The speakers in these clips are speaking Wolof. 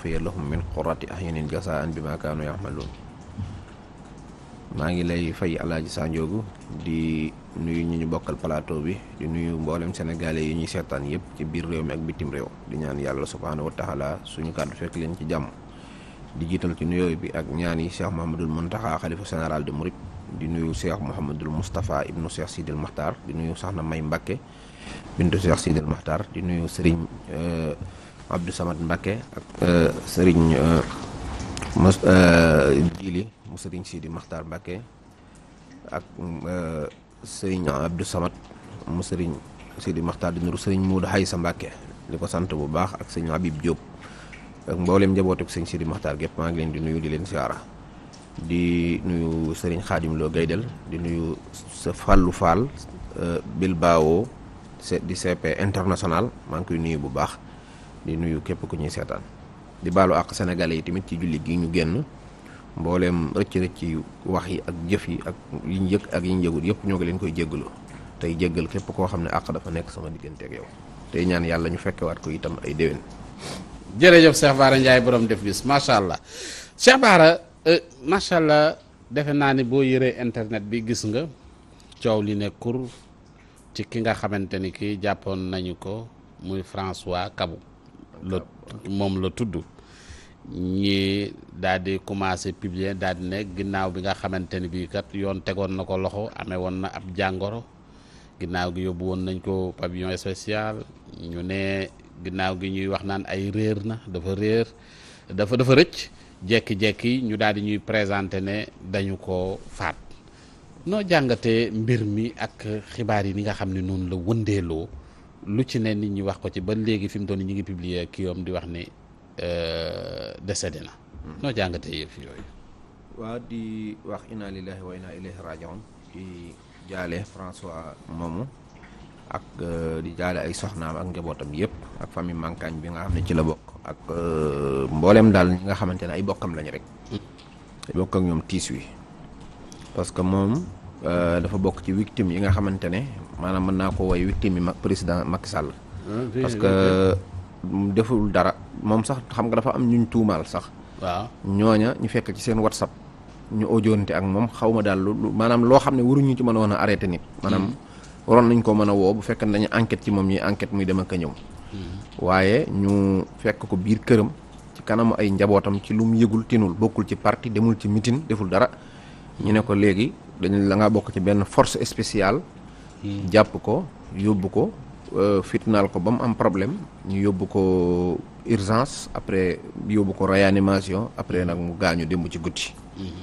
tuxfiya lahum min qurati ahyunin jasaan bi ma kaanu yamaluun maa ngi lay fay alaaji Sanjoogu di nuyu ñu ñu bokkal palaato bi di nuyu mboolem sénégalais yi ñuy seetaan yëpp ci biir réew mi ak bitim réew di ñaan yàlla subhaanahu wa taala suñu kàddu fekk leen ci jàmm di jiital ci nuyoo bi ak ñaan yi cheikh Mouhamadul Muntaxa xalifa général di Mouride di nuyu cheikh Mouhamadul Moustapha ibnu cheikh Sidil Maxtaar di nuyu sax na May Mbàkke bintu cheikh Sidil Maxtaar di nuyu sëriñ Abdou Samad Mbacké ak euh, sëriñ euh, mos euh, Jili mu sëriñ Sidi Maxtaar Mbacké ak sëriñ Abdou Samad mu sëriñ Sidi Maxtaar di nuru sëriñ Moodu Haysa Mbacké di ko sant bu baax ak sëriñ Habib Diop ak mboolem njabootu sëriñ Sidi Maxtaar gépp maa ngi leen di nuyu di leen siyaara di nuyu sëriñ Xaadim Lo Gaydel di nuyu sa Fallou Fall Bilbao di CP international maa ngi koy nuyu bu baax di nuyu képp ku ñuy seetaan di baalu àq sénégalais yi tamit ci julli gi ñu génn mbooleem rëcc-rëcc ci wax yi ak jëf yi ak yi ñu yëg ak yi ñu yëgul yëpp ñoo ngi leen koy jéggalu tey jéggal képp koo xam ne àq dafa nekk sama diggante ak yow tey ñaan yàlla ñu fekkewaat ko itam ay déwén. jërëjëf Cheikh Ndiaye borom def bis macha allah Cheikh Bara euh, macha allah defe naa ni boo yëree internet bi gis nga coow li nekkur ci ki nga xamante ni ki jàppoon nañu ko muy François Kabou. la moom la tudd ñi daal di commencé publier daal di ne ginnaaw bi nga xamante ne bii kat yoon tegoon na ko loxo amee woon na ab jàngoro ginnaaw gi yóbbu woon nañ ko pavillon spécial ñu ne ginnaaw gi ñuy wax naan ay réer na dafa réer dafa dafa rëcc jekki-jekki ñu daal di ñuy présenté ne dañu ko faat noo jàngatee mbir mi ak xibaar yi ni nga xam ne noonu la wëndeeloo lu ci ne nit ñi wax ko ci ba léegi fi mu doon ñu ngi publier kii yoom di wax ni euh, décédé na. Hmm. noo jàngatee yooyu. waaw di wax inna lillahi wa inna ilayhi rajiun di jaalee François moomu ak euh, di jaale ay soxnaam ak njabootam yëpp ak famille Mankagne bi nga xam ne ci la bokk ak euh, mboolem daal ñi nga xamante ne ay bokkam lañu rek. ay hmm. bokk ak ñoom tiis wi parce que moom dafa bokk ci victime yi nga xamante ne. maanaam mën naa ko woy victime yi président Macky Sall ah, parce que deful dara moom sax xam nga dafa am ñu ñu tuumaal sax waaw ñooña ñu fekk ci seen whatsapp ñu ojoonte ak moom xaw ma daal lu maanaam loo xam ne waruñu ci mën a woon a arrêté nit maanaam hmm. waroon nañ ko mën a woo bu fekkee nañu dañu enquête ci moom ñuy enquête muy dem ak a ñëw hmm. waaye ñu fekk ko biir këram ci kanamu ay njabootam ci lu mu yëgul tinul bokkul ci parti demul ci mitin deful dara ñu ne ko léegi dañu la ngaa bokk ci benn force spéciale jàpp ko yóbbu ko euh, fitnaal ko ba mu am problème ñu yóbbu ko urgence après yóbbu ko royanimation après nag mu gaañu démb ci guddi. Mhm.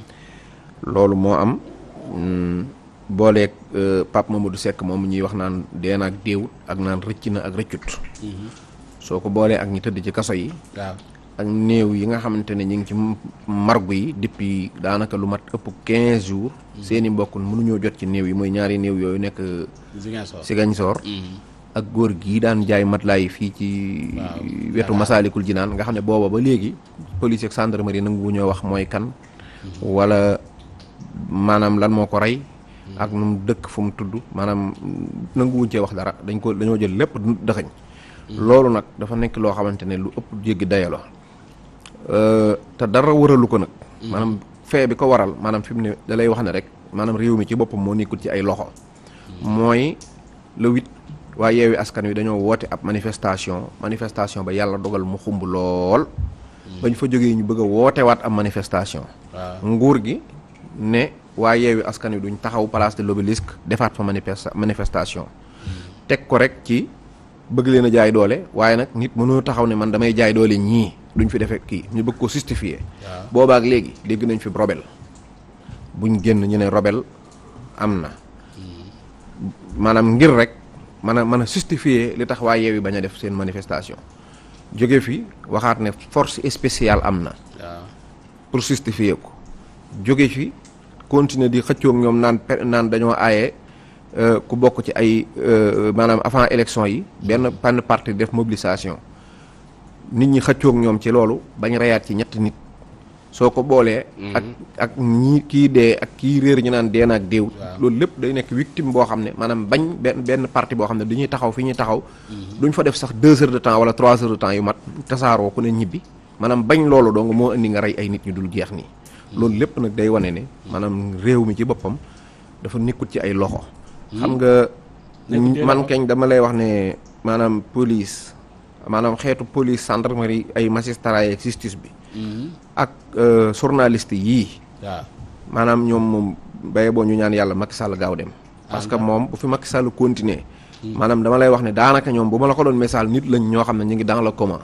loolu moo am booleek hmm, booleeg euh, Pape du sekk moom ñuy wax naan dee naag déewut ak naan rëcc na ak rëccut. Mhm. soo ko boolee ak ñi tëdd ci kaso yi. ak néew yi nga xamante ne ñu ngi ci margu yi depuis daanaka lu mat ëpp 15 jours. Mm-hmm. seen i mbokk mënuñoo jot ci néew yi mooy ñaari néew yooyu nekk. Ziguinchor mm-hmm. ak góor gii daan jaay matelas yi fii ci. wetu Masaalikul Jinaan nga xam ne booba ba léegi. police ak gendarmerie nangu ñoo wax mooy kan. Mm-hmm. wala maanaam lan moo ko rey. ak nu mu dëkk fu mu tudd maanaam nanguwuñ cee wax dara dañ ko dañoo jël lépp dëxañ loolu nag dafa nekk loo xamante ne lu ëpp jéggi dayalo te dara waralu ko nag. Mm-hmm. maanaam fee bi ko waral maanaam fi mu ne da lay wax ne rek maanaam réew mi ci boppam moo nekkul ci ay loxo. Mm-hmm. mooy le huit waa yeewi askan wi dañoo woote ab manifestation manifestation ba yàlla dogal mu xumb lool. Mm-hmm. bañ fa jógee ñu bëgg a wootewaat am manifestation. Ah. nguur gi ne waa yeewi askan wi duñ taxaw place de l'obélisque defaat fa manifestation. teg ko rek ci bëgg leen a jaay doole waaye nag nit mënoo taxaw ne man damay jaay doole ñii. duñ fi defee kii ñu bëgg ko justifier boobaak léegi dégg nañ fi robel buñ génn ñu ne robel am na hmm. maanaam ngir rek mën a mën a justifier li tax waa Yewwi bañ a def seen manifestation jóge fi waxaat ne force spéciale am na pour justifier ko jóge fi continuer di xëccoog ñoom naan naan dañoo aaye euh, ku bokk ci ay euh, maanaam avant élection yi benn pann parti def mobilisation nit ñi xëccoog ñoom ci loolu bañ reyaat ci ñetti nit soo ko boolee mhm. ak ak ñii kii dee ak kii réer ñu naan dee na ak déewut loolu lépp day nekk victime boo xam ne maanaam bañ benn benn parti boo xam ne dañuy taxaw fi ñuy taxaw mhm. duñ fa def sax deux heures de temps wala trois heures de temps yu mat tasaaroo ku ne ñibbi maanaam bañ loolu dong moo indi nga rey ay nit ñu dul geex nii mhm. loolu lépp nag day wane ne maanaam réew mi ci boppam dafa nekkut ci ay loxo xam nga man keñ dama lay wax ne maanaam police maanaam xeetu police gendarmerie ay magistrat yeeg justice bi. Mhm. ak euh, journaliste yii. waaw maanaam ñoom moom béye boo ñu ñaan yàlla Macky Sall gaaw dem. Ah, parce que moom bu fi Macky continuer hmm. maanaam dama lay wax ne daanaka ñoom bu ma la ko doon message nit lañ ñoo xam ne ngi dans le coma.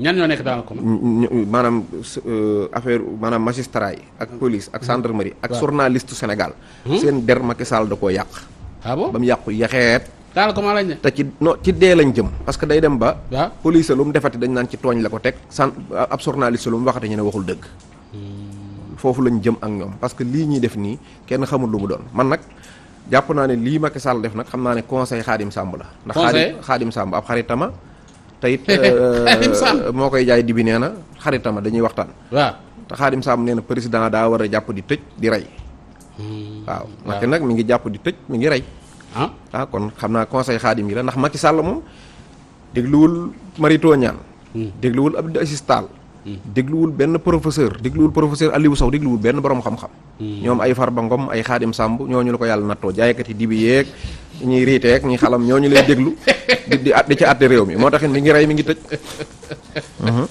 ñan ñoo nekk dans maanaam euh, affaire maanaam magistrat yi ak police ak hmm. gendarmerie. ak journaliste Sénégal. Hmm? seen der Macky Sall da koo yàq. Ah ba mu yàqu yaxeet. daanaka lañ ne. te ci non ci dee lañ jëm parce que day dem ba. waaw police lu mu defati dañ naan ci tooñ la ko teg. san ab journaliste lu mu waxati ñu ne waxul dëgg. Hmm. foofu lañ jëm ak ñoom parce que lii ñuy def nii kenn xamul lu mu doon man nag jàpp naa ne lii Macky Sall def nag xam naa ne conseil Xaadim Samb la. ndax Xaadim Xaadim Samb ab xaritama. teyit it euh, moo koy jaay dibi nee na xaritama dañuy waxtaan. waaw te Xaadim Samb nee na président daa war a jàpp di tëj di rey. Hmm. waaw Macky nag mu ngi jàpp di tëj mi ngi rey. ah ah kon xam naa conseil xaadim yi la ndax ma ci Sall moom dégluwul marito ñaan hmm. dégluwul Abdou Aziz Tall hmm. dégluwul benn professeur dégluwul professeur Aliou Sow dégluwul benn borom xam-xam hmm. ñoom ay Farba Ngom ay xaadim Samb ñu la ko yàlla nattoo jaaykat yi dibi yeeg ñuy riiteeg ñuy xalam ñu lay déglu di di ci àtte réew mi moo tax mi ngi rey mi ngi tëj mhm.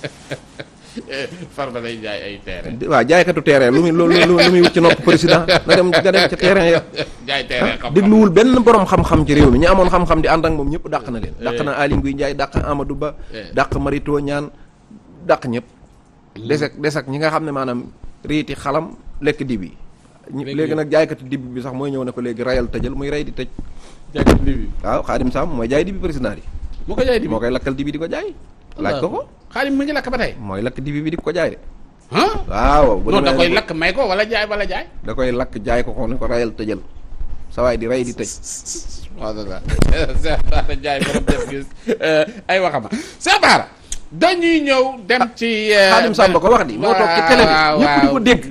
Farba lay jaay ay terrain. waaw jaaykatu terrain lu muy lu muy wut ci nopp président na dem na dem ca terrain ya. jaay terrain ah, xam-xam dégluwul benn borom xam-xam ci réew mi ñi amoon xam-xam di ànd ak moom ñëpp dàq na leen. Eh. dàq na Aly Ngouille Ndiaye dàq Amadou Ba. Eh. dàq Marito ñaan daq ñëpp. des ak ak ñi nga xam ne maanaam riiti xalam lekk dib yi. léegi nag jaaykatu dib bi sax mooy ñëw ne ko léegi rayal tëjal muy ray di tëj. jaaykatu dib bi waaw Xaadim Samb mooy jaay dib bi président yi. moo ko jaay dib moo koy lakkal dib bi di ko jaay. laaj ko xaalis mu ngi lakk ba tey. mooy lakk dibi bi di ko jaay de. waaw bu da koy lakk may ko wala jaay wala jaay. da koy lakk jaay ko ko ne ko rayal tëjal sa waay di ray di tëj. waaw c'est jaay borom def gis eh, ay waxama c'est dañuy ñëw dem ci. Xaadim ah, eh, Samba ko wax di moo toog ci télé bi ñëpp ko dégg.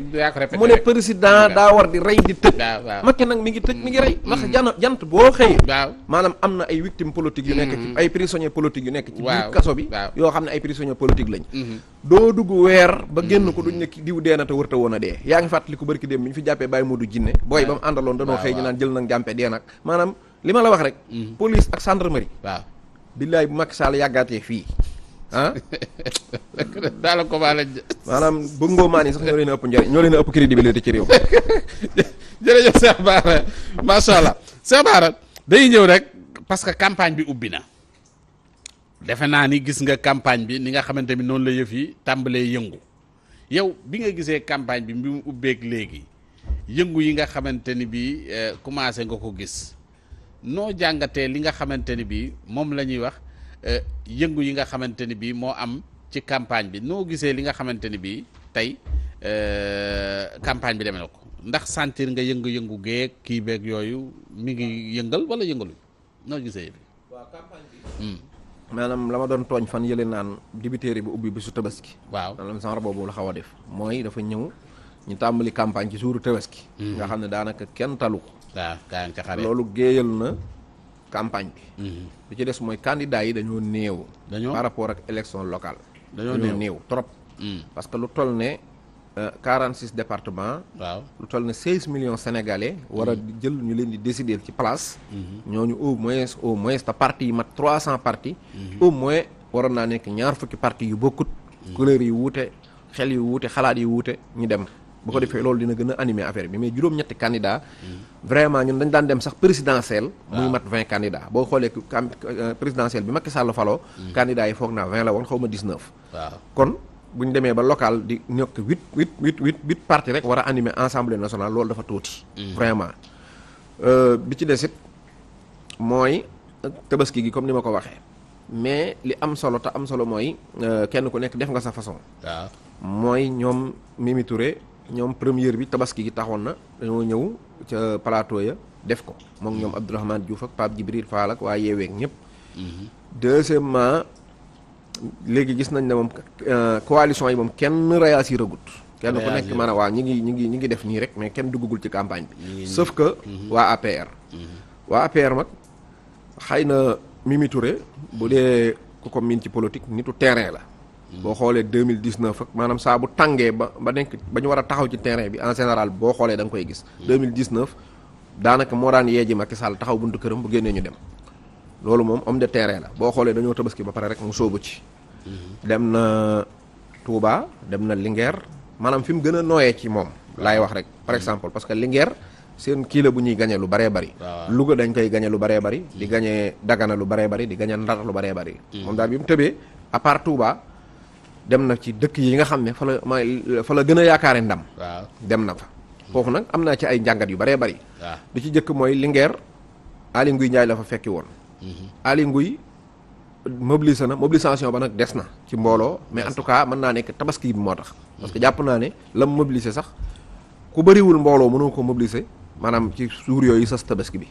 mu ne président daa war di rey di tëj. Macky nag mi ngi tëj mi ngi rey. ndax mm. jant jant boo xëyee. maanaam am na ay victimes politiques yu nekk ci mm. ay prisonniers politiques yu nekk ci biir kaso bi. yoo xam ne ay prisonniers politiques lañ. Mm-hmm. doo dugg weer ba génn ko mm. ñu ne diw dee na te wërta woon a dee. yaa ngi fàttali ko barki dem bi ñu fi jàppee Baye Modou Jinne booy ba mu àndaloon danoo xëy ñu naan jël nag jàmpe dee nag maanaam li la wax rek. Mm-hmm. police ak gendarmerie. waaw billaay bu Macky Sall yàggaatee fii ah. daal la ko baale. maanaam bëgg ngoomaan yi sax ñoo leen ëpp njëriñ ñoo leen ëpp crédibilité ci réew mi. jërëjëf Cheikh Bara macha allah Cheikh Bara day ñëw rek parce que campagne bi ubbi na. defe naa ni gis nga campagne bi ni nga xamante ni noonu la yëf yi tàmbalee yëngu yow bi nga gisee campagne bi bi mu ubbeek léegi yëngu yi nga xamante ni bii eh, commencé nga ko gis noo jàngatee li nga xamante ni bii moom la ñuy wax. Euh, yëngu yi nga xamante ni bii moo am ci campagne bi noo gisee li nga xamante ni bii tey euh, campagne bi demee na ko ndax sentir nga yëngu-yëngu geeg kii beeg yooyu mi ngi yëngal wala yëngaluñ noo gisee. waaw hmm. maanaam la ma doon tooñ fan yële naan dibiteeri bu ubbi bisu tabaski. waaw maanaam genre boobu la xaw a def. mooy dafa ñëw ñu tàmbali campagne ci suuru tabaski. Hmm. nga xam ne daanaka kenn talu ko. waaw loolu géeyal na. campagne bi. li mhm. ci des mooy candidats yi dañoo néew. dañoo par rapport ak élection locale. dañoo néew trop. Mhm. parce que lu toll ne euh, quarante six départements. lu toll ne seize millions sénégalais. war a mhm. jël ñu leen di décider ci place. ñu au moins au moins te parti yi mat trois cent parti au moins waroon naa nekk ñaar fukki partie yu bokkut. couleur yi wuute xel yu wuute xalaat yi wuute ñu dem. bu ko defee loolu dina gën a animer affaire bi mais juróom-ñetti candidat vraiment ñun dañ daan dem sax présidentielle muy mat vingt candidats boo xoolee euh, présidentielle bi Macky Sall falo hmm. candidats yi foog naa vingt la woon xaw ma dix-neuf waaw kon bu ñu demee ba local di ñokk huit huit huit huit huit parti rek war a animer assemblée nationale loolu dafa tuuti hmm. vraiment euh, bi ci desit mooy tabaski gi comme ni ma ko waxee mais li am solo te am solo mooy euh, kenn ku nekk def nga sa façon mooy ñoom Mimi ñoom première bi tabaski gi taxoon na dañoo ñëw ca plateau ya def ko moom ñoom Abdourahmane Diouf ak Pape Djibril Fall ak waa yeeweeg ñëpp. Mhm. deuxièmement léegi gis nañ ne moom euh, coalition yi moom kenn réagir agut kenn ku nekk maanaam waa ñi ngi ñi ngi ñi ngi def nii rek mais kenn duggagul ci campagne bi. sauf que mhm. waa APR. Mhm. waa APR mag xëy na Mimi Touré bu dee ku ko miin ci politique nitu terrain la. boo xoolee deux mille dix neuf ak maanaam saa bu tàngee ba nekk ba ñu war a taxaw ci terrain bi en général boo xoolee da nga koy gis. deux mille dix neuf daanaka moo daan yee ji Macky Sall taxaw buntu këram bu génnee ñu dem loolu moom om de terrain la boo xoolee dañoo tabaski ba pare rek mu sóobu ci. Mm-hmm. dem na Touba dem na Linguère maanaam fi mu gën a nooyee ci moom. laay wax rek par mm-hmm. exemple parce que Linguère seen kii la bu ñuy gañe lu baree bari. Ah. Louga dañ koy gañe lu baree bari. di mm-hmm. gañe daggana lu baree bari di gañe Ndar lu baree bari. moom dem na ci dëkk yi nga xam ne fa la ma fa la gën a yaakaare ndam. dem na fa. foofu nag am naa ci ay njàngat yu bëree bëri. waaw bi ci njëkk mooy Linguère Aly Ngouille la fa fekki woon. Mhm. Aly Ngouille mobilisé na mobilisation ba nag des na ci mbooloo. mais en tout cas mën naa nekk tabaski bi moo tax. parce que mhm. jàpp naa ne la mu sax ku bëriwul mbooloo mënoo ko mobilisé maanaam ci suur yooyu sas tabaski bi.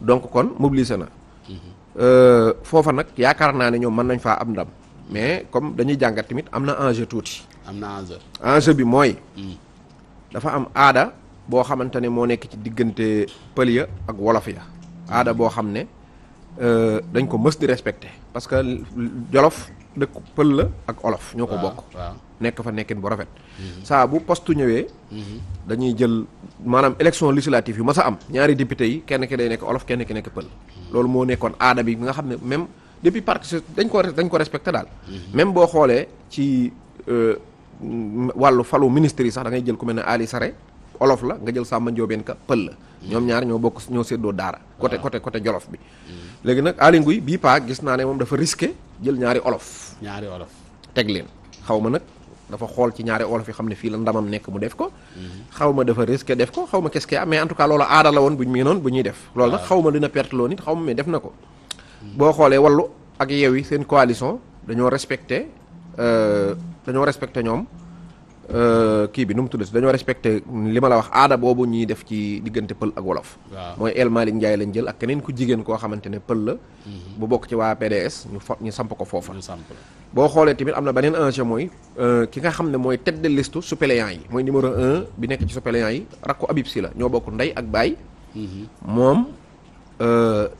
donc kon mobilisé na. Mhm. Euh, foofa nag yaakaar naa ne ñoom mën nañ faa am ndam. mais comme dañuy jàngat tamit am na enjeu tuuti. am na enjeu. enjeu bi mooy. Hmm. dafa am aada boo xamante ne moo nekk ci diggante pël ya ak wolof ya. aada boo xam ne euh, dañ ko mës di respecté parce que jolof dëkk pël la ak olof. ñoo ko bokk nekk fa nekkin bu rafet. Hmm. saa bu poste ñëwee. Hmm. dañuy jël maanaam élection législative yu mas a am ñaari député yi kenn ki day nekk olof kenn ki nekk pël. loolu moo nekkoon aada bi nga xam ne même. depuis parc dañ ko dañ ko respecté daal. même boo xoolee ci euh, wàllu falu ministre yi sax da ngay jël ku mel na Ali Sare olof la nga jël Samba Ndiobène Ka pël la. ñoom ñaari ñoo bokk ñoo séddoo daara. côté côté côté jolof bi. léegi nag Aly Ngouille bii paa gis naa ne moom dafa risqué jël ñaari olof. ñaari olof teg leen xaw ma nag. dafa xool ci ñaari olof yi xam ne fii la ndamam nekk mu def ko xaw ma dafa risqué def ko xaw ma quest a mais en tout loolu aada woon bu ñu mii noonu bu ñuy def loolu loo nit xaw ma mais def na ko boo xoolee wallu ak Yewwi seen coalition dañoo respecté euh, dañoo respecté ñoom euh, kii bi nu mu tudd tuddati dañoo respecté li ma la wax aada boobu ñuy def ci diggante pël ak wolof. mooy El njaay Ndiaye lañ jël ak keneen ku jigéen koo xamante ne pël la. Mhm. bu bokk ci waa PDS ñu fo ñu samp ko foofa. boo xoolee tamit am na beneen enjeu mooy euh, ki nga xam ne mooy tête de liste suppléant yi mooy numéro un bi nekk ci suppléant yi rakku Habib si la ñoo bokk ndey ak baay. Mhm. moom. Euh,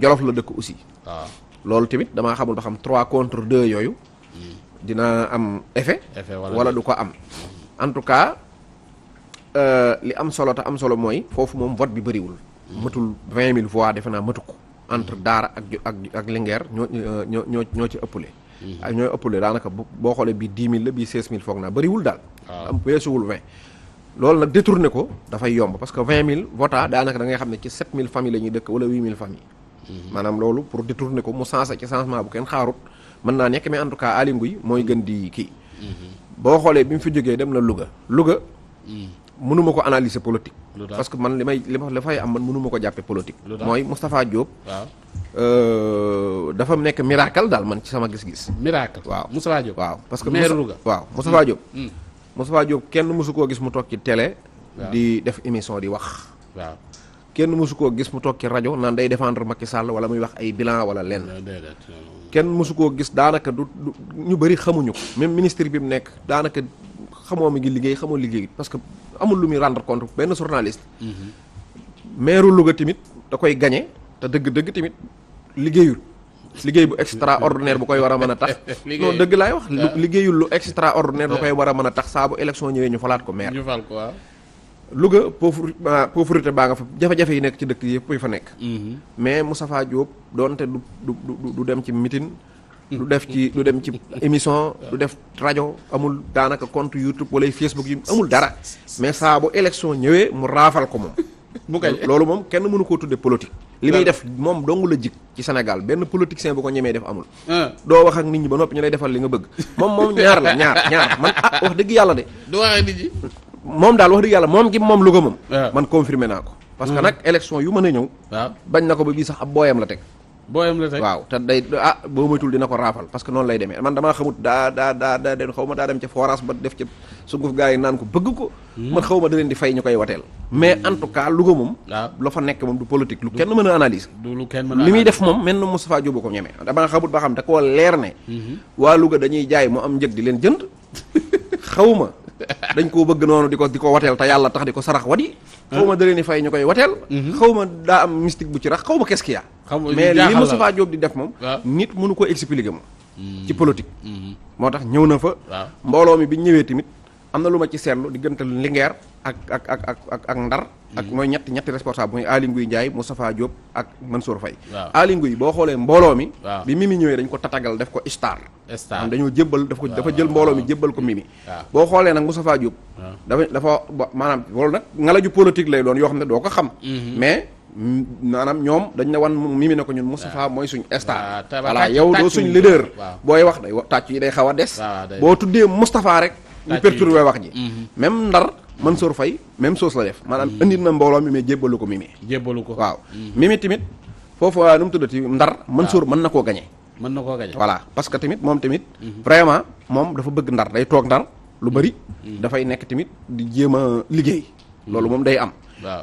Jolof la dëkk aussi. Ah. loolu tamit damaa xamul ba xam trois contre deux yooyu. Hmm. dina am effet. wala du ko am. Hmm. en tout cas euh, li am solo te am solo mooy foofu moom vote bi bariwul hmm. matul vingt mille voix defe naa matu ko entre Daara ak ak ak Linguère ñoo ñoo ñoo ñoo ci ëppale. ak ñooy ëppale daanaka boo xoolee bii dix mille la bii seize mille foog naa bëriwul daal. Ah. am weesuwul vingt. loolu nag détourné ko dafay yomb parce que 20000 votants daanaka da ngay xam ne ci 7000 familles la ñuy dëkk wala 8000 familles. Mhm. maanaam loolu pour détourné ko mu sensé ci changement bu kenn xaarut mën naa nekk mais en tout cas Aly Ngouille mooy gën di kii. Mhm. boo xoolee bi mu fi jógee dem na Louga Louga. Mhm. mënuma ko analyser politique. parce que man li may li ma fa am man mënuma ko jàppee politique. mooy Moustapha Diop. waaw. Euh, dafa nekk miracle daal man ci sama gis-gis. miracle waaw Moustapha Diop. waaw parce que maire Louga waaw Moustapha Moustapha Diop kenn mosu koo gis mu toog ci télé. di def émission di wax. waaw kenn mosu koo gis mu toog ci rajo naan day défendre Macky Sall wala muy wax ay bilan wala lenn. kenn mosu koo gis daanaka du ñu bëri xamuñu ko. même ministre bi mu nekk daanaka xamoo mi ngi liggéey xamoo liggéey parce que amul lu muy rendre compte benn journaliste. Mhm. maire Louga tamit da koy gañe te dëgg-dëgg tamit liggéeyul. liggéey bu extraordinaire bu koy war a mën a tax non dëgg laay wax ah. liggéeyul lu extraordinaire lu ah. koy war a mën a tax saa bu élection ñëwee ñu falaat ko maire ñu fal ko waaw Louga pauvreté baa nga fa jafe-jafe yi nekk ci dëkk yëpp yu fa nekk mhm. mais Moustapha Diop doonte du du du dem ci meeting du def ci du dem ci émission ah. du def rajo amul daanaka compte YouTube wala Facebook yi amul dara mais saa bu élection ñëwee mu raafal ko moom bu loolu moom kenn mënu koo tudde politique li muy def moom dong la jik ci Sénégal benn politicien bu ko ñemee def amul ah. doo wax ak nit ñi ba noppi ñu lay defal li nga bëgg moom moom ñaar la ñaar ñaar man ah wax dëgg yàlla de du waxee nit ñi moom daal wax dëgg yàlla moom ki moom ko moom ah. man confirmé naa ko parce que hmm. nag élection yu mën a ñëw bañ na ko ba bii sax ab booyam la teg booyam la tey waaw te day ah boo moytul dina ko raafal parce que noonu lay demee man damaa xamut daa daa daa daa den xaw ma daa dem ca forage ba def ca sunguf gars yi naan ko bëgg ko hmm. man xaw ma di fay ñu koy wateel mais hmm. en tout cas Louga moom ah. la fa nekk moom du politique lu kenn mën a analyse li muy def moom mel na Moustapha Diop ko ñemee damaa xamut ba xam da koo leer ne hmm. waa Louga dañuy jaay mu am njëg di leen jënd xaw ma dañ koo bëgg noonu di ko di ko wateel te yàlla tax di ko sarax wadi xaw ma da leen di fay ñu koy wateel mhm. xaw ma daa am mystique bu ci rax xaw ma qu'est-ce qu'il y a mais li Moustapha Diop di def moom nit mënu ko expliquer moom mhm. ci politique mhm. moo tax ñëw na fa mbooloo mi bi ñëwee tamit am na lu ma ci seetlu diggante Linguère ak ak ak ak ak ak Ndar. ak mhm. mooy ñetti ñetti responsable mooy Aly Ngouille Ndiaye Moustapha Diop ak Mansour Faye. waaw Aly Ngouille boo xoolee mbooloo mi. bi Mimi ñëwee dañ ko tatagal def ko star. star dañoo jébbal dafa dafa jël mbooloo mi jébbal ko Mimi. boo xoolee nag Moustapha Diop. dafa dafa maanaam loolu nag ngalaju politique lay doon yoo xam ne doo ko xam. Mhm. mais maanaam ñoom dañ ne wan Mimi ne ko ñun Moustapha mooy suñ star. voilà yow doo suñ leader. booy wax day tàcc yi day xaw a des. boo tuddee Moustapha rek. ñu wax ji. Mhm. même Ndar man soor fay même chose la def maanaam indil na mbooloo mi mais jébbalu ko Mimi jébbalu ko waaau mm-hmm. Mimi tamit foofu euh, nu mu tuddati Ndar Mansour mën na koo gañe mën na koo gañe voilà parce que tamit moom tamit mm-hmm. vraiment moom dafa bëgg Ndar day toog Ndar lu mm-hmm. bari dafay nekk tamit di jéem a liggéey loolu moom day am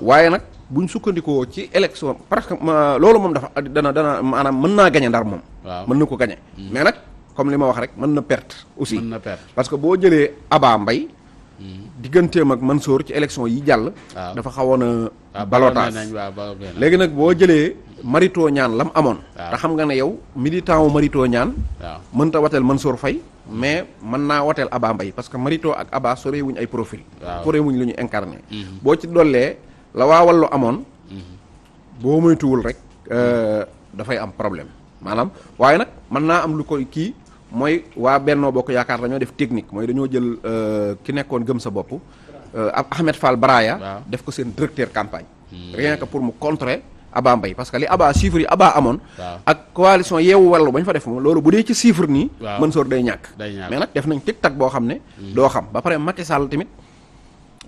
waaye nag buñ sukkandikoo ci élection parce que loolu moom dafa dana dana maanaam mën naa gañe Ndar moom mën na ko gañe mais nag comme li ma wax rek mën na perte aussi na perte parce que boo jëlee Aba Mbaye digganteem ak Mansour ci élection yi jàll. dafa xawoon a. balotage léegi nag boo jëlee. marito ñaan lam amoon. te xam nga ne yow militant wu marito ñaan. waaw mënta wateel Mansour Faye mais mën naa wateel Aba Mbaye parce que marito ak Aba sore wuñ ay profil. waaw sore wuñ lu ñu incarné. Mhm. boo ci dollee la waa wallu amoon. Mhm. boo moytuwul rek euh, dafay am problème maanaam waaye nag mën naa am lu ko kii. mooy waa Bennoo Bokk Yaakaar dañoo def technique mooy dañoo jël euh, ki nekkoon gëm sa bopp euh, Ahmed Fall Baraya def ko seen directeur campagne hmm. rien que pour mu contrer Aba Mbaye parce que li Aba chiffres yi Aba amoon ak coalition yeewu wallu ba ñu fa def moom loolu bu dee ci chiffre nii Mansour day ñàkk mais nag def nañ tic tag boo xam ne hmm. doo xam ba pare Macky Sall tamit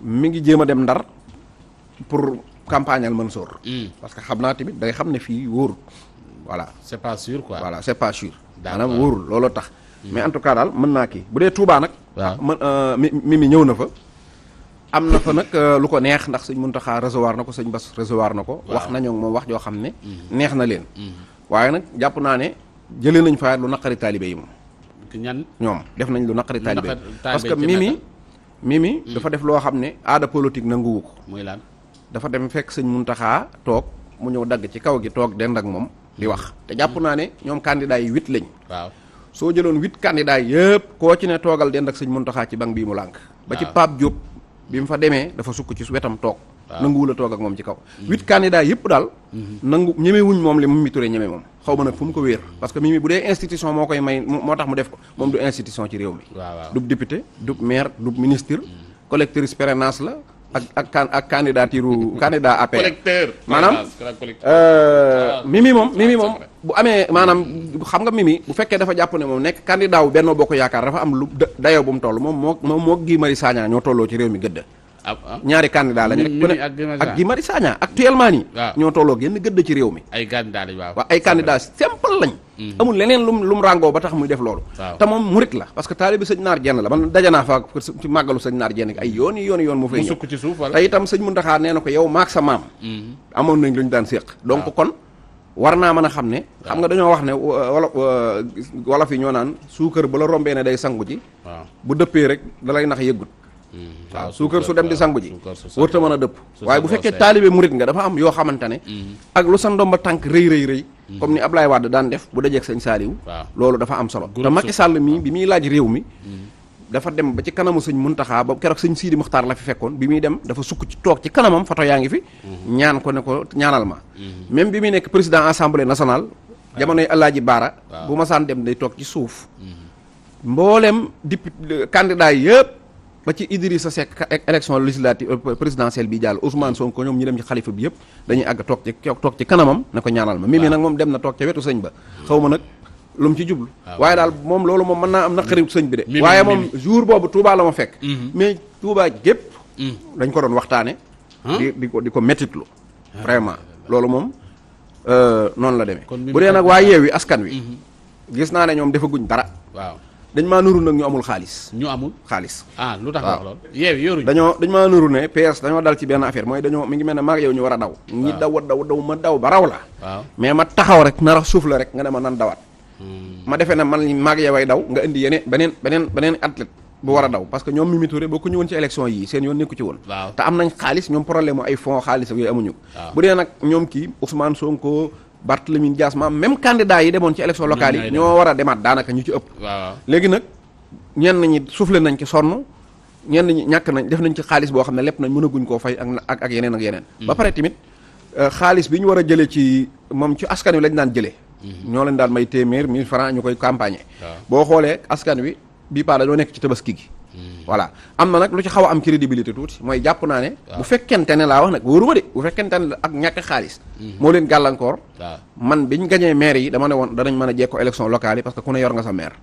mi ngi jéem a dem ndar pour campagne al Mansour hmm. parce que xam naa tamit day xam ne fii wóorut voilà c'est pas sûr quoi voilà c'est pas maanaam wóorul looloo tax hmm. mais en tout cas daal mën naa kii bu dee Touba nag waaw euh, mi mi ñëw na fa am na fa nag euh, lu ko neex ndax sëñ Muntaxa recevoir na ko sëñ Bass recevoir na ko wax nañoo moom wax joo xam ne hmm. neex na leen hmm. waaye nag jàpp naa ne jëlee nañ fa lu naqari taalibe yi moom ñan ñoom def nañ lu naqari taalibe yi parce que mimi mimi dafa def loo xam ne aada politique nanguwu ko muy lan dafa dem fekk sëñ taxaa toog mu ñëw dagg ci kaw gi toog dend ak moom di wax te jàpp naa ne ñoom candidats yi huit lañ. waaw soo jëloon huit candidats yëpp koo ci ne toogal dend ak sëñ Muntaxa ci banque bii mu lànk. ba ci Pape Diop bi mu fa demee dafa sukk ci wetam toog. waaw nanguwul a toog ak moom ci kaw. Mm-hmm. huit candidats yëpp daal. Mm-hmm. nangu ñemewuñ moom li mu Mimi Touré ñeme moom. xaw ma nag fu mu ko wéer parce que Mimi bu dee institution moo koy may moo tax mu def ko moom du institution ci réew mi. waaw waaw du du maire du ministre. Mm-hmm. collecteur la. ak ak ak candidature candidat APR collecteur maanaam euh, mimi moom mimi moom bu amee maanaam xam nga mimi bu fekkee dafa jàpp ne moom nekk candidat wu Benno Bokk Yaakaar dafa am lu dayoo bu mu toll moom moo moom moo Guy Marius Sagna ñoo tolloo ci réew mi gëdd Ah, ah. ñaari candidat lañ rek. Mimi ak Guy Marius Sagna actuellement nii. Ah. ñoo tolloo génn gëdd ci réew mi. ay candidat lañ waaw. ay candidat simple lañ. Mm-hmm. amul leneen lum lum ràngoo ba tax muy def loolu. te moom murit la parce que taalibi sëñ naar jenn la man dajanaa fa ci màggalu sëñ naar jenn ay yoon yi yoon yoon mu fay ñëw ci suuf te itam sëñ Muntaxa nee na ko yow maak sa maam. Mm-hmm. amoon nañ lu ñu daan séq. donc kon war naa mën a xam ne. xam nga dañoo wax ne wala wolof yi ñoo naan suukar ba la rombee na day sangu ji. bu dëppee rek dalay nax yëggut Mm-hmm. waaw suukar su dem di sangu ji wërta man a dëpp waaye bu fekkee taalibe murit nga dafa am yoo xamante ne mm-hmm. ak lu sa ndomba tànk rëy rëy rëy mm-hmm. comme ni ab Ablaye da daan def bu dajeeg sëñ Saaliw loolu dafa am solo te Macky Sall mii bi muy laaj réew mi dafa dem ba ci kanamu sëñ Muntaxa ba keroog sëñ Siidi Muxtaar la fi fekkoon bi muy dem dafa sukk ci toog ci kanamam photo yaa ngi fi ñaan ko ne ko ñaanal ma même bi muy nekk président assemblée national jamonoy Alaaji Baara bu ma saan dem day toog ci suuf mboolem député candidat yëpp ba ci Idrissa Seck élection législative euh, présidentielle bi jàll Ousmane Sonko ñoom ñu dem ci xalifa bi yëpp dañuy àgg toog ci toog ci kanamam na ko ñaanal ma mi mi nag moom dem na toog ca wetu sëñ ba xaw ma nag lu mu ci jublu waaye daal moom loolu moom mën naa am naqari sëñ bi de waaye moom jour boobu Touba la ma fekk mhm. mais Touba gépp mhm. dañ ko doon waxtaane di di ko di ko métitlu ah. vraiment loolu moom euh, noonu la demee bu dee nag waa yi askan wi mhm. gis naa ne ñoom defaguñ dara waaw dañ maa nuru nag ñu amul xaalis. ñu amul xaalis. ah lu tax wax lool yeewi yoruñu dañoo dañ maa nuru ne PS dañoo dal ci benn affaire mooy dañoo mi ngi mel ne maag yow ñu war a daw. ñi daw daw daw ma daw ba raw la. waaw mais ma taxaw rek nara suuf la rek nga ne ma nan dawaat. Hmm. ma defee ne man maag yow ay daw nga indi yeneen beneen beneen beneen athlète. bu war a daw parce que ñoom Mimi Touré bokkuñu woon ci élection yi seen yoon nekku ci woon te am nañ xaalis ñoom problème ay fonds xaalis ak yooyu amuñu bu dee nag ñoom kii Barthélémy Dias maam même candidat yi demoon ci élection locale yi ñoo war a demaat daanaka ñu ci ëpp waaw léegi nag ñenn ñi soufflé nañ ci sonn ñenn ñi ñàkk nañ def nañ ci xaalis boo xam ne lépp nañ mënaguñ koo fay ak ak yeneen ak yeneen hmm. ba pare tamit euh, xaalis bi ñu war a jëlee ci moom ci askan wi lañ daan jëlee hmm. ñoo leen daan may téeméer mille francs ñu koy campagne boo xoolee askan wi bii paa dañoo nekk ci tabaski gi Hmm. voilà am na nag lu ci xaw a am crédibilité tuuti mooy jàpp naa ne bu fekkente ne laa wax nag wóoruma de bu fekkente ne ak ñàkk xaalis hmm. moo leen gàllankoor man biñ gañee maire yi dama ne woon danañ mën a jekko élection locale yi parce que ku ne yor nga sa maire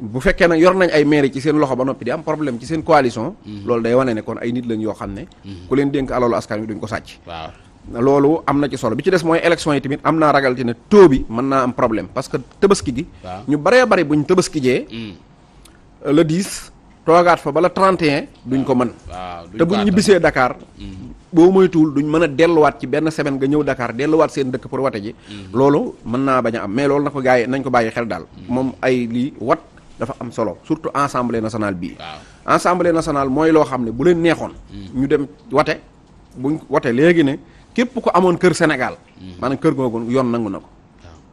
bu fekkee nag yor nañ ay maire yi ci seen loxo ba noppi di am problème ci seen coalition hmm. loolu day wane ne kon ay nit lañ yoo xam ne ku leen dénk alalu askan wi duñ ko sàcc loolu am na ci solo bi ci des mooy élection yi tamit am naa ragal ci bi mën naa am problème parce que tabaski gi ñu bëree bëri buñ tabaski jee le 10 toogaat fa bala 31. duñ ko mën. te buñ ñibbisee dakaar mm-hmm. boo moytuwul duñ mën a delluwaat ci benn semaine nga ñëw dakaar delluwaat seen dëkk pour wate ji. Mm-hmm. loolu mën naa bañ a am mais loolu na ko gars nañ ko bàyyi xel daal. Mm-hmm. moom ay lii wat dafa am solo surtout assemblée national bii. assemblée national mooy loo xam ne bu leen neexoon. ñu dem wate buñ wate léegi ne képp ko amoon kër Sénégal. maanaam kër googu yoon nangu na ko.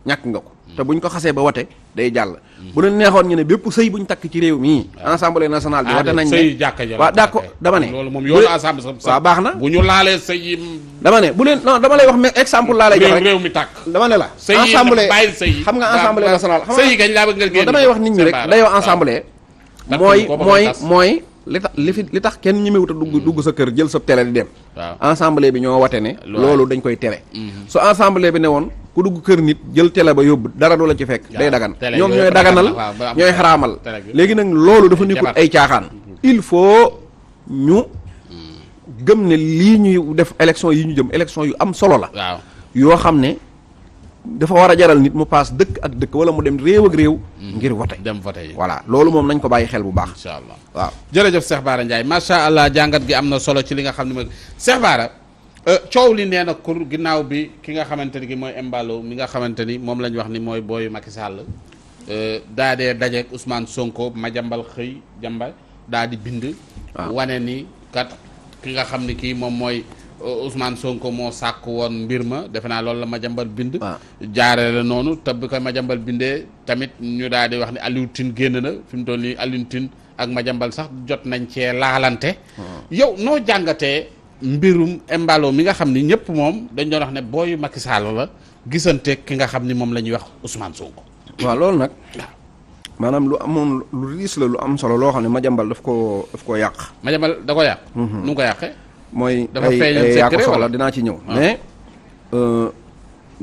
ñàkk nga ko te buñ ko xasee ba wate day jàll bu leen neexoon ñu ne bépp sëy buñ takk ci réew mii assemblée nationale bi ah, wate nañ ne waaw d'accord dama ne waaw baax na bu ñu laalee sëy yi dama ne bu leen non dama lay wax mais exemple laa lay jox rek réew mi tàkk dama ne la assemblée xam nga assemblée nationale xam nga damay wax nit ñi rek dayoo assemblée ah. mooy mooy mooy li tax li fi li tax kenn ñemewut a dugg dugg sa kër jël sa télé di dem. waaw bi ñoo wate ne. loolu dañ koy tere. Mhm. su assemblée bi ne woon ku dugg kër nit jël télé ba yóbbu dara du la ci fekk. day dagan ñoom ñooy daganal ñooy xaraamal. léegi nag loolu dafa nekkul ay caaxaan. il faut ñu mhm. gëm ne lii ñuy def élection yi ñu jëm élection yu am solo la. yoo xam ne. dafa war a jaral nit mu paas dëkk ak dëkk wala mu dem réew ak réew. Mhm. ngir vote dem vote yi voilà loolu moom nañ ko bàyyi xel bu baax. incha allah waaw jërëjëf Cheikh Bara Ndiaye macha allah jàngat gi am na solo ci li nga xam ne mooy Cheikh euh, coow li nee na kur ginnaaw bi ki nga xamante ni mooy Embalo mi nga xamante ni moom la ñu wax ni mooy booyu Macky Sall euh, daa dee dajeeg Sonko ma jambal xëy jamba daa di bind. wane ni kat ki nga xam ne kii moom mooy. Ousmane Sonko moo sàkk woon mbir ma defe naa loolu la Madiambal bind jaare la noonu te bi ko Madiambal bindee tamit ñu daal di wax ni Aliou génn na fi mu toll nii Aliou ak majambal sax jot nañ cee laalante yow noo jàngatee mbirum Embalo mi nga xam ni ñëpp moom dañ doon wax ne booy Macky Sall la gisante ki nga xam ni moom la ñuy wax Ousmane Sonko waaw loolu nag maanaam lu amoon lu riis la lu am solo loo xam ne Madiambal daf koo daf koo yàq Madiambal da ko yàq mhm. nu ko yàqee mooy ay yaa ko soxla dinaa ci ñëw ah. mais euh,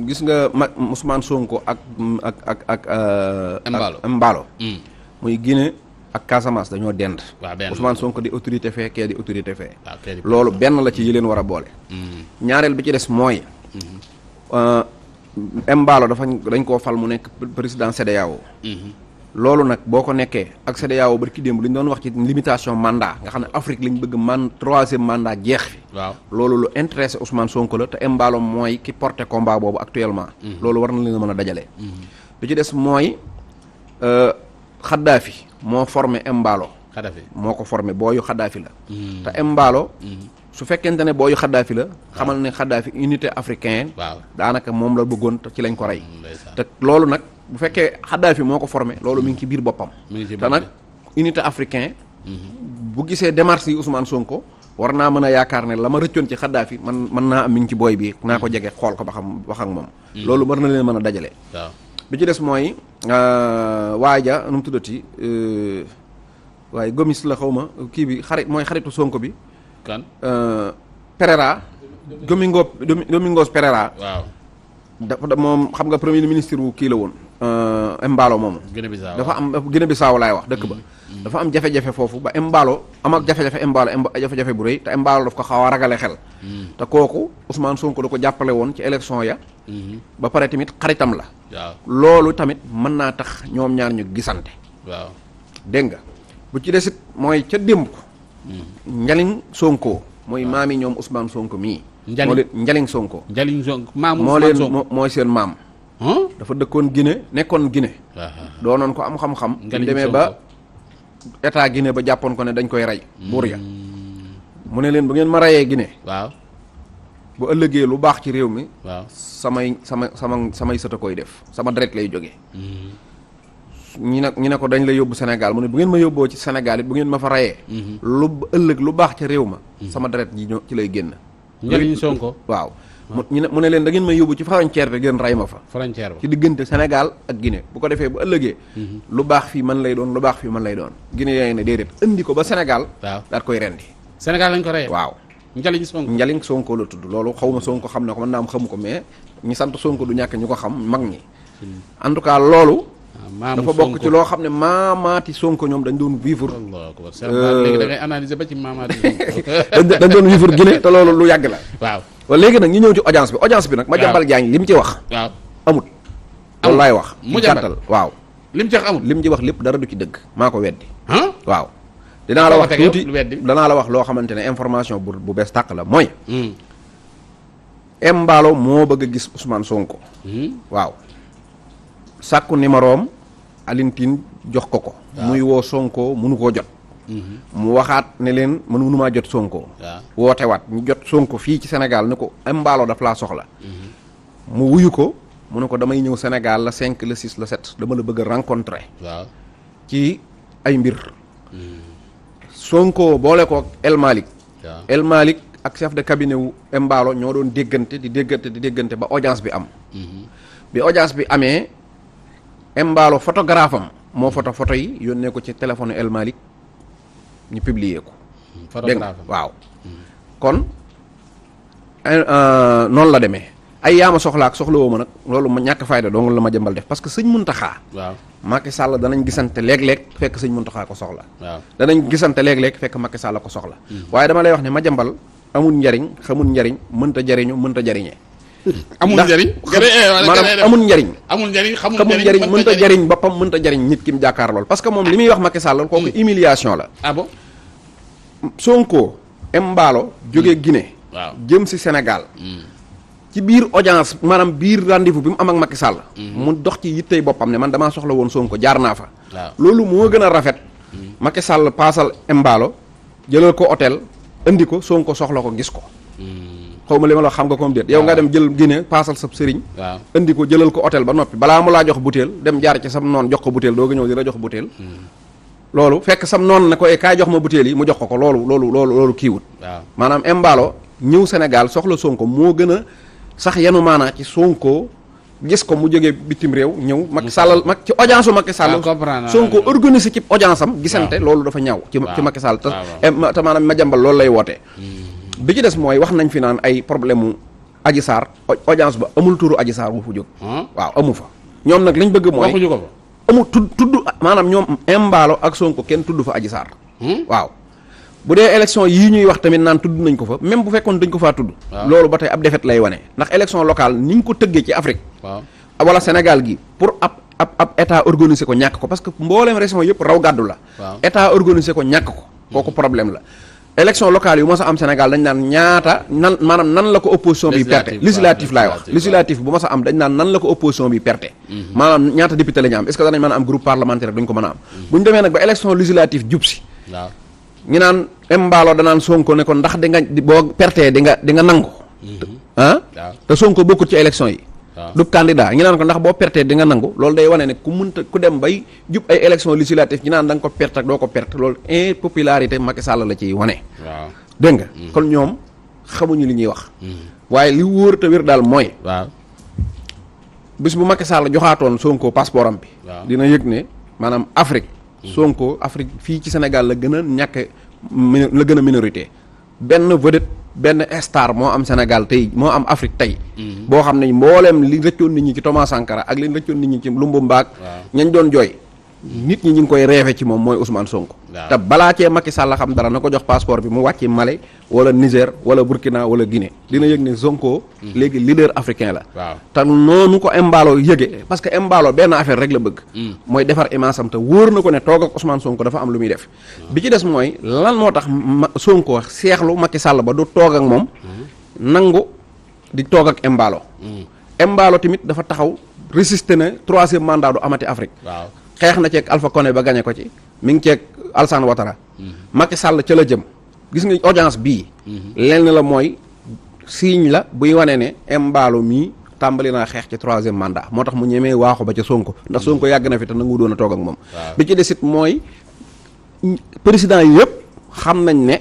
gis nga mag Ousmane Sonko ak ak ak ak euh, Mballo hmm. muy Guinée ak Casamance dañoo dend Ousmane Sonko di autorité fee kee di autorité fee loolu benn la ci yi leen war a boole hmm. ñaareel bi ci des mooy hmm. euh, Mballo dafa dañ koo fal mu nekk président CEDEAO loolu nag boo ko nekkee ak CEDEAO barki démb li ñu doon wax ci limitation mandat nga xam ne Afrique lañ bëgg man troisième mandat jeex fi waaw loolu lu intéressé Ousmane Sonko la te Embalo mooy ki porté combat boobu actuellement mhm. loolu war na leen a mën a dajale lu mhm. ci des mooy Xaddaafi euh, moo formé Embalo Xaddaafi moo ko formé booyu Xaddaafi la mhm. te Embalo su fekkente ne booyu Xaddaafi la xamal ne Xaddaafi unité africaine daanaka moom la bëggoon te ci lañ ko rey loolu nag bu fekkee Xaddaafi moo ko formé loolu mi ngi ci biir boppam. te nag unité africain. Mhm. bu gisee demarche yi Ousmane Sonko. war naa mën a yaakaar ne la ma rëccoon ci Xaddaafi man mën naa am mi ngi ci booy bi naa ko jege xool ko ba xam wax ak moom. Mhm. loolu war na leen mën a dajale. waaw bi ci des mooy euh, waaja nu mu tuddati euh, waaye gomis la xaw ma kii bi xarit mooy xaritu Sonko bi. kan euh, Pereira. Domingo Domingos Pereira. waaw dafa moom xam nga premier ministre wu kii la woon. Euh, Mballo moomu. Guinée-Bissau dafa am Guinée-Bissau laay wax dëkk ba. Mm-hmm. dafa am jafe-jafe foofu ba Mballo am ak jafe-jafe Mballo jafe-jafe bu rëy te Mballo daf ko xaw a ragale xel. Mm-hmm. te kooku usmaan Sonko da ko jàppale woon ci élection ya. Mm-hmm. ba pare tamit xaritam la. loolu tamit mën naa tax ñoom ñaar ñu gisante. waaw nga bu ci desit mooy ca démb. Njaliñ Sonko. mooy maam yi ñoom Ousmane Sonko mii. Njaliñ moo leen Njaliñ Sonko. Njaliñ Sonko maamu Ousmane Sonko moo leen mooy seen maam. Hmm? dafa dëkkoon Guinée nekkoon Guinée. Ah, ah, ah. doonoon ko am xam-xam. demee ba état Guinée ba jàppoon ko ne dañ koy rey. buur ya hmm. mu ne leen bu ngeen ma reyee Guinée. waaw bu ëllëgee lu baax ci réew mi. waaw samay sama sama samay sët a koy def sama deret lay jóge hmm. ñi ne ñi ne ko dañ la yóbbu senegal mu ne bu ngeen ma yóbboo ci senegalit bu ngeen ma fa rayee. lu ëllëg lu baax ci réew ma. sama deret ji ñoo ci lay génn. njëriñ Sonko waaw. mu ne mu ne leen da ngeen may yóbbu ci frontière bi ngeen ray ma fa frontière ba ci diggante senegal ak Guinée bu ko defee bu ëllëgee mhm. lu baax fii man lay doon lu baax fii man lay doon Guinée yaa ngi ne déedéet indi ko ba Sénégal waaw daat koy rendi Sénégal lañ ko reyee waaw Njaliñ Sonko Njaliñ Sonko la tudd loolu xaw ma Sonko xam ne ko mën naa am xamu ko mais ñi sant Sonko du ñàkk ñu ko xam mag ñi hmm. en tout cas loolu ah, dafa bokk ci loo xam ne maamaati Sonko ñoom dañ doon vivre léegi da ngay analyser ba ci maamaati dañ doon vivre Guinée te loolu lu yàgg la waaw waaw léegi nag ñi ñëw ci audience bi audience bi nag. ma jàmbal jaañ li mu ci wax. waaw amut. amul laay wax. mu jàmbal waaw. lim ci wax amul lim ci wax lépp dara du ci dëgg. maa ko weddi. waaw. dinaa la wax tuuti danaa la wax loo xamante ne information bu bu bees tàq la mooy. Hmm. Mballo moo bëgg a gis Ousmane Sonko. Hmm? waaw. sàkku numéroom Alioune Tine jox ko ko. muy woo Sonko mënu koo jot. mu waxaat ne leen man mënumaa jot Sonko. woote waat ñu jot Sonko fii ci Sénégal ne ko am mbaaloo daf laa soxla. mu wuyu ko mu ne ko damay ñëw Sénégal la 5 le 6 le 7 dama la bëgg a ci ay mbir. Sonko boole ko El Malick. ak chef de cabinet wu ñoo doon déggante di déggante di déggante ba audience bi am. Mhm. bi audience bi amee Mballo photographe moo photo photo yi yónnee ko ci téléphone El ñu publier ko. dégg waaw. Hmm. kon euh, noonu la demee ay yaama soxla ak soxla woo ma nag loolu ma ñàkk fayda dong la ma jëmbal def parce que sëñ Muntaxaa. waaw Macky Sall danañ gisante léeg-léeg fekk sëñ Muntaxaa ko soxla. waaw danañ gisante léeg-léeg fekk Macky Sall ko soxla. Hmm. waaye dama lay wax ne ma jëmbal amul njariñ xamul njariñ mënta jariñu mënta jariñe amul njariñ eh, maanaam amul eh. njariñ amul njariñ xamul njariñ mënta jariñ boppam mënta jariñ nit ki mu jàkkaar lool parce que moom li muy wax Macky Sall kooku hmm. humiliation la ah bon Sonko Embalo jóge hmm. Guinée waaw jëm si Sénégal hmm. ci biir audience maanaam biir rendez bi mu am ak Macky sàll mu dox ci yittey boppam ne man damaa soxla woon Sonko jaar naa fa loolu moo gën a rafet Macky Sall paasal Embalo jëlal ko hôtel indi ko Sonko soxla ko gis ko xaw ma li ma xam nga comme déet yow nga dem jël Guinée paasal sab sëriñ waaw indi ko jëlal ko hôtel ba noppi balaa mu laa jox butéel dem jaar ci sam noon jox ko butéel doo ko ñëw di la jox butéel hmm. loolu fekk sam noon na koy eh, e jox ma butéel yi mu jox ko ko loolu loolu loolu loolu kiiwut waaw maanaam Embalo ñëw Sénégal soxla Sonko moo gën a sax yenu maanaa ci Sonko gis ko mu jógee bitim réew ñëw Macky hmm. Sall mag ci audience u Macky Sall ah, Sonko organisé ci audience am gisante loolu dafa ñaaw ci ci Macky Sall te jàmbal eh, loolu lay wootee hmm. bi ci des mooy wax nañ fi naan ay problème mu Adji Sarr ba amul turu Adji Sarr bu fa jóg. waaw amu fa. ñoom nag lañ bëgg mooy waxuñu ko fa. tudd tudd maanaam ñoom imbaalo ak Sonko kenn tudd fa Adji Sarr. waaw bu dee élection yii ñuy wax tamit naan tudd nañ ko fa même bu fekkoon dañ ko faa tudd. loolu ba tey ab defet lay wane. ndax élection locale ni ñu ko tëggee ci Afrique. waaw wala Sénégal gi pour ab. ab ab état organisé ko ñàkk ko parce que mbooleem région yëpp raw gàddu la état ko ñàkk ko kooku problème la élection local yu ma sa am Sénégal dañ naan ñaata nan maanaam nan la ko opposition bi perte législatif laay wax législatif bu ma sa am dañ naan nan la ko opposition bi perte mhm. maanaam ñaata député ñu am est-ce a am groupe parlementaire duñ ko mën a am mhm. bu ñu demee nag ba élection législative jub ñu naan Mballo danaan Sonko ne ko ndax di nga boo pertee di nga di nga nangu mhm. ah te Sonko bokkut ci élection yi du candidat ñu naan ko ndax boo pertee di nga nangu loolu day wane ne ku mënta ku dem bay jub ay élection législative ñu naan da ko perte ak doo ko perte loolu impopularité Macky Sall la ciy wane dégg nga mm. kon ñoom xamuñu li ñuy wax mm. waaye li wóor te wér daal mooy bis bu Macky Sall joxaatoon Sonko passeport am bi dina yëg ne maanaam Afrique mm. Sonko Afrique fii ci Sénégal la gën a ñàkk la gën a minorité benn vedette benn star moo am Sénégal tey moo am Afrique tey. Mhm. boo xam ne mboolem li rëccoon nit ñi ci Thomas Sankara ak li rëccoon nit ñi ci Lumumba ak ñañ doon jooy. nit ñi ñu ngi koy reefe ci moom mooy Ousmane Sonko. te balaa cee Macky Sall xam dara na ko jox passeport bi mu wàcc Mali wala Niger wala Burkina wala Guinée. dina yëg ne Sonko. Mhm. léegi leader africain la. waaw te noonu ko Embalo yëge parce que Embalo benn affaire rek la bëgg. Mhm. mooy defar image am te wóor na ko ne toog ak Ousmane Sonko dafa am lu muy def. Mhm. bi ci des mooy lan moo tax ma Sonko seexlu Macky Sall ba du toog ak moom. nangu di toog ak Embalo. Embalo tamit dafa taxaw résister na troisième mandat du amati Afrique. waaw xeex na ceeg Alpha Koné ba gañe ko ci mi ngi ceeg Alassane Ouattara mhm. Macky Sall ca la jëm gis nga audience bii mhm. lenn la mooy signe la buy wane ne Embalo mii tàmbali naa xeex ci troisième mandat moo tax mu ñemee waaxu ba ca sonk ndax Sonko yàgg na fi te nangu doon a toog ak moom bi ci desit mooy président yi yëpp xam nañ ne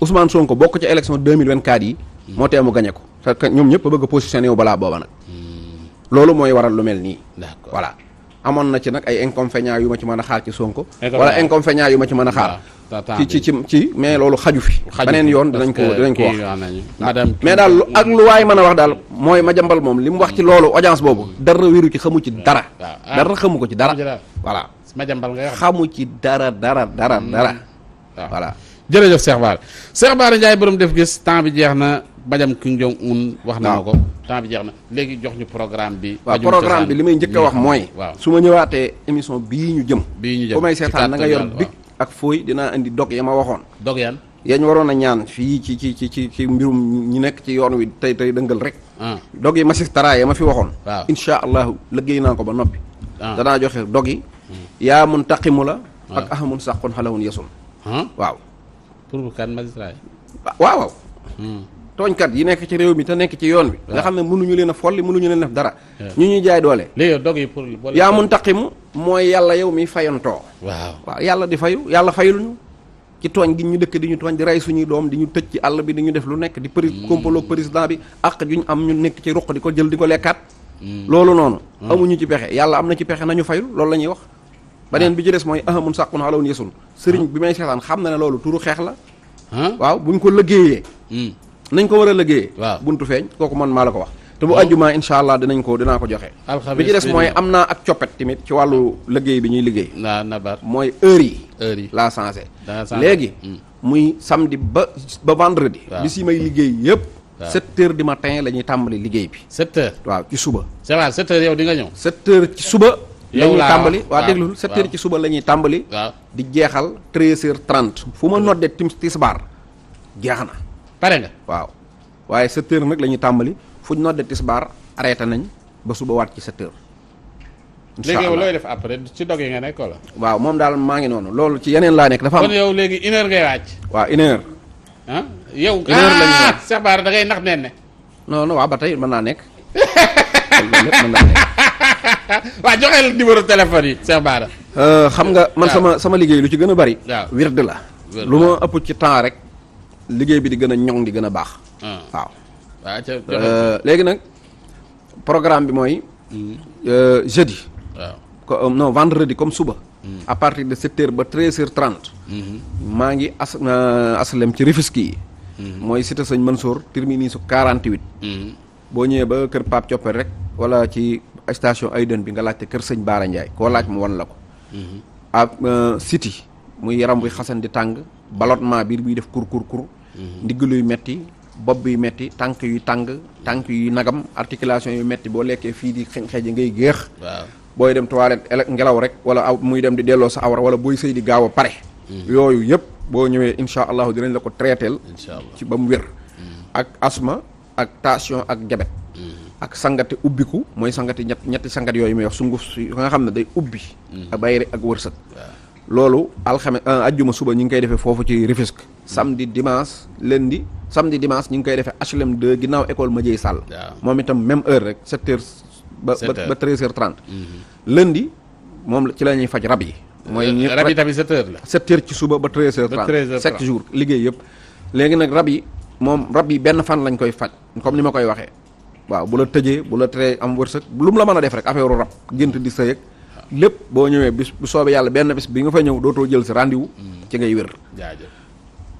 Ousmane Sonko bokk ci élection 2024 yi mhm. moo tee mu gañe ko parce que ñoom ñëpp a bëgg a positionné wu balaa booba nag loolu mooy waral lu nii voilà amoon na ci nag ay inconvénients yu ma ci mën a xaar ci Sonko wala inconvénients yu ma ci mën a xaar ah, ci ci ci ci mais mm. loolu xaju fi beneen yoon danañ ko dinañ ko wax ah, mais daal ak lu waay mën a wax daal mooy ma jambal moom li mu wax ci mm. loolu audience boobu mm. dara wéru ci xamu ci ah, dara dara xamu ko ci dara voilà xamu ci dara dara dara dara voilà jërëjëf Cheikh Bara Cheikh baar Ndiaye boroom def gis temps bi jeex na bajam ki jong un wax na ko temps bi jeex na léegi jox ñu programme bi waaw programme bi li may njëkk a wax mooy waaw su ma ñëwaatee émission bii ñu jëm bii bu may seetaan na nga yor big ak fooy dinaa indi dog ya ma waxoon dog yan yañ waroon a ñaan fii ci ci ci ci ci mbirum ñi nekk ci yoon wi tey tey dëngal rek ah. dog yi magistrat ya ma fi waxoon waaw insha allahu liggéey naa ko ba noppi ah. danaa joxe dog yi hmm. yaa mun taqimu la ah. ak ahamun sàqun yesu yesul waaw pour kan magistrat yi. Ah, waaw waaw. Hmm. tooñkat yi nekk ci réew mi te nekk ci yoon bi. nga xam ne mënuñu leen a folli mënuñu leen def dara. ñu ñuy jaay doole. léegi dog yi pour yaa mun taqimu mooy yàlla yow mi fayantoo. waaw yàlla di fayu yàlla fayuluñu ci tooñ gi ñu dëkk di ñu tooñ di rey suñuy doom di ñu tëj ci àll bi di ñu def lu nekk di. pris hmm. complot président bi ak ñu am ñu nekk ci ruq di ko jël di ko lekkaat. Hmm. loolu noonu. amuñu ci pexe yàlla am na ci pexe nañu fayu loolu la ñuy wax beneen ah. bi ci des mooy ahamun sàqun alawn yesun sëriñ ah. bi may seetaan xam na ne loolu turu xeex la ah. waaw buñ ko liggéeyee hmm. nañ ko war a liggéeyee waaw buntu feeñ kooku man maa la ko wax te bu àjjuma insha allah dinañ ko dinaa ko joxe bi ci des mooy am naa ak coppet tamit ci wàllu liggéey bi ñuy liggéey na nabar mooy heure yi heure yi laa changé léegi hmm. muy samedi ba ba vendredi bi si may liggéey yëpp sept heures matin la ñuy tàmbali liggéey bi sept waaw ci suba c'est vrai sept di nga ñëw suba yow laa tàmbali waa déglul 7 ci suba la ñuy tàmbali. waaw di jeexal 13 heures 30. fu ma noddee tim tisbaar jeex na. pare nga waaw. waaye 7 heures nag la ñuy tàmbali fu ñu noddee tisbaar arrêté nañ ba suba waat ci 7 heures. incha allah looy def après ci dog nga nekk waaw moom daal maa ngi noonu loolu ci yeneen laa nekk dafa am. yow léegi une heure ngay wàcc. waaw une heure. ah yow. une heure la ñuy ah, wàcc nax nee ne. non non ba tey mën naa nekk. waaw joxeel numéro téléphone yi Cheikh Bara euh, xam nga man sama sama liggéey lu ci gën a bari waaw wird la lu ma ëpp ci temps rek liggéey bi di gën a ñoŋ di gën a baax ah. waaw euh, léegi nag programme bi mooy hmm. euh, jeudi waaw non vendredi comme suba hmm. à partir de sept heures ba treize heures trente hmm. maa ngi as aslem ci Rufisque yi mooy cité sëñ Mansour termini su quarante-huit boo ñëwee ba kër Pape Coppel rek wala ci station Aïdène bi nga laajte kër sëñ Baara Ndiaye ko laaj mu wan la ko. Mhm. ab siti euh, muy yaram buy xasan di tàng ballottement biir buy def kur kur kur. Mhm. ndiggalu yu metti bopp yu metti tànk yu tàng tànk yuy nagam articulation yu metti boo lekkee fii di xeñ xeeji ngay géex. waaw booy dem toilette ngelaw rek wala aw muy dem di delloo sa awra wala booy sëy di gaaw a pare. Mhm. yooyu yëpp boo ñëwee incha allah dinañ la ko traiteel. ci ba mu wér. ak asma ak tension ak jabet. ak sangate ubbiku mooy sangate ñett ñetti sangat yooyu muy wax sunguf si nga xam ne day ubbi. Mm-hmm. ak bayre ak wërsëg. loolu alxames euh, ajjuma suba ñu ngi koy defee foofu ci Rufisque. samedi dimanche lundi samedi dimanche ñu ngi koy defee HLM 2 ginnaaw école Madiaye Sall. moom itam même heure rek 7 heures. ba ba 13 heures 30. Mm-hmm. lundi moom ci la ñuy faj rab yi. mooy ñëpp rab yi tamit 7 heures la. 7 ci suba ba 13 heures 30 ba liggéey yëpp. léegi nag rab yi moom rab yi benn fan lañ koy faj comme ni ma koy waxee. waaw bu la tëjee bu la teree am wërsëg lu mu la mën a def rek affaire rab gént di sëy lépp boo ñëwee bis bu soobee yàlla benn bis bi nga fa ñëw dootoo jël si rendez-vous mm. ci ngay wér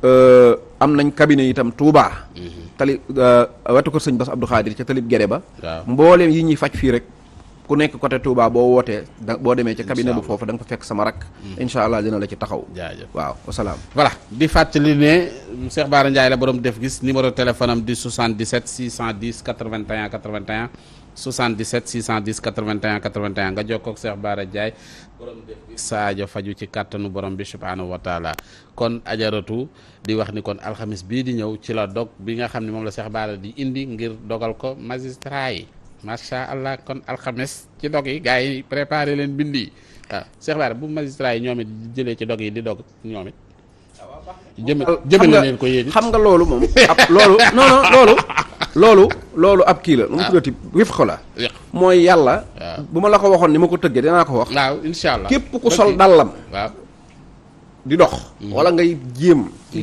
euh, am nañ cabinet itam Touba. Mm-hmm. tali euh, wetu ko sëñ Bass Abdou Khadir ca talib Gere ba mbooleem yi ñuy faj fii rek ku nekk côté Touba boo wootee da boo demee ci cabinet bu foofu da nga fa fekk sama rak mm. incha allah dina la ci taxaw jaajëf waaw wasalaam voilà di fàttali ne Cheikh baara Ndiaye la borom def gis numéro téléphone am di 77 610 81 81 77 610 81 81 nga jokkoo ak Cheikh Bara Ndiaye borom def gis saajo faju ci kàttanu borom bi subhaanahu wa taala kon ajaratu di wax ni kon alxamis bii di ñëw ci la dog bi nga xam ne moom la Cheikh Bara di indi ngir dogal ko magistrat yi macha allah kon alxames ci dog yi gars yi préparé leen bind yi waaw Cheikh bu magistrat yi ñoom it jëlee ci dog yi di dog ñoom it. jëme jëme leen ko yéen xam nga loolu moom loolu loolu loolu loolu ab kii la nu mu tuddati wif la mooy yàlla bu ma la ko waxoon ni ma ko tëggee danaa ko wax waaw insha allah képp ku sol dàllam waaw di dox mm-hmm. wala ngay jéem